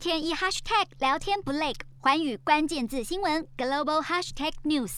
天一 hashtag 聊天不累，寰宇關鍵字新聞 global hashtag news。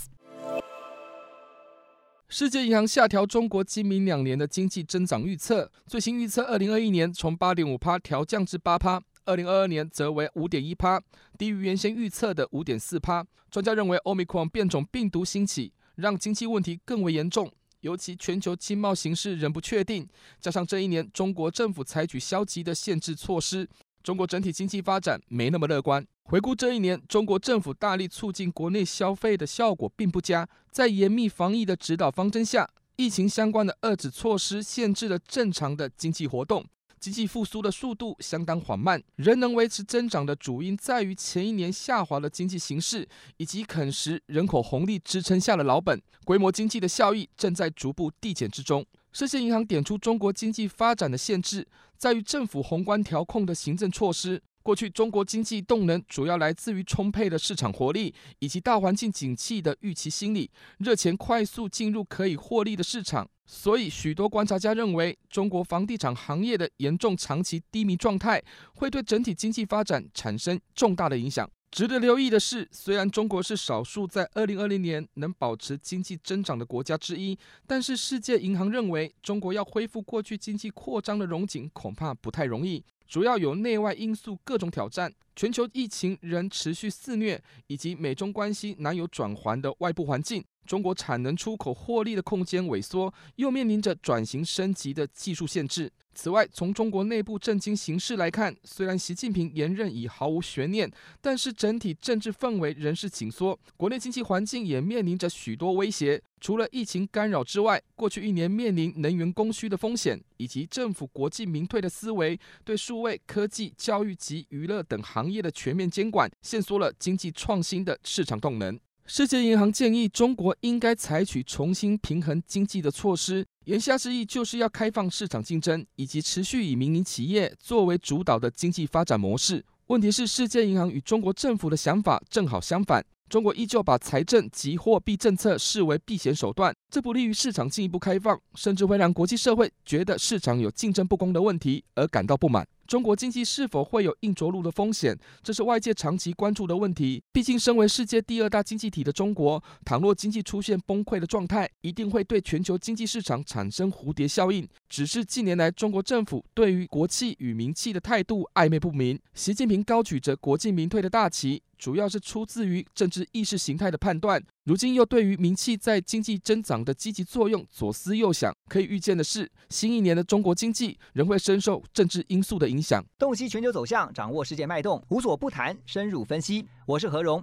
世界銀行下調中國今明兩年的經濟增長預測，最新預測二零二一年從八點五帕調降至八帕，二零二二年則為五點一帕，低於原先預測的五點四帕。專家認為，Omicron 變種病毒興起，讓經濟問題更為嚴重，尤其全球經貿形勢仍不確定，加上這一年中國政府採取消極的限制措施。中國整體經濟發展沒那麼樂觀。回顧這一年，中國政府大力促進國內消費的效果並不佳。在嚴密防疫的指導方針下，疫情相關的遏制措施限制了正常的經濟活動，經濟復甦的速度相當緩慢。仍能維持增長的主因在於前一年下滑的經濟形勢，以及啃食人口紅利支撐下的老本。規模經濟的效益正在逐步遞減之中。世界銀行點出中國經濟發展的限制在於政府宏觀調控的行政措施。過去中國經濟動能主要來自於充沛的市場活力以及大環境景氣的預期心理，熱錢快速進入可以獲利的市場。所以，許多觀察家認為，中國房地產行業的嚴重長期低迷狀態會對整體經濟發展產生重大的影響。值得留意的是，雖然中國是少數在二零二零年能保持經濟增長的國家之一，但是世界銀行認為，中國要恢復過去經濟擴張的榮景，恐怕不太容易，主要有內外因素各種挑戰，全球疫情仍持續肆虐，以及美中關係難有轉圜的外部環境。中國產能出口獲利的空間萎縮，又面臨着轉型升級的技術限制。此外，從中國內部政經形勢來看，雖然習近平連任已毫無懸念，但是整體政治氛圍仍是緊縮，國內經濟環境也面臨着許多威脅。除了疫情干擾之外，過去一年面臨能源供需的風險，以及政府國進民退的思維，對數位、科技、教育及娛樂等行業的全面監管，限縮了經濟創新的市場動能。世界銀行建議中國應該採取重新平衡經濟的措施，言下之意就是要開放市場競爭以及持續以民營企業作為主導的經濟發展模式。問題是，世界銀行與中國政府的想法正好相反，中國依舊把財政及貨幣政策視為避險手段，這不利於市場進一步開放，甚至會讓國際社會覺得市場有競爭不公的問題而感到不滿。中國經濟是否會有硬着陸的風險？這是外界長期關注的問題。畢竟，身為世界第二大經濟體的中國，倘若經濟出現崩潰的狀態，一定會對全球經濟市場產生蝴蝶效應。只是近年來，中國政府對於國企與民企的態度曖昧不明。習近平高舉着“國進民退”的大旗，主要是出自於政治意識形態的判斷。如今又對於民企在經濟增長的積極作用左思右想。可以預見的是，新一年的中國經濟仍會深受政治因素的影響。洞悉全球走向，掌握世界脈動，無所不談，深入分析。我是何榮。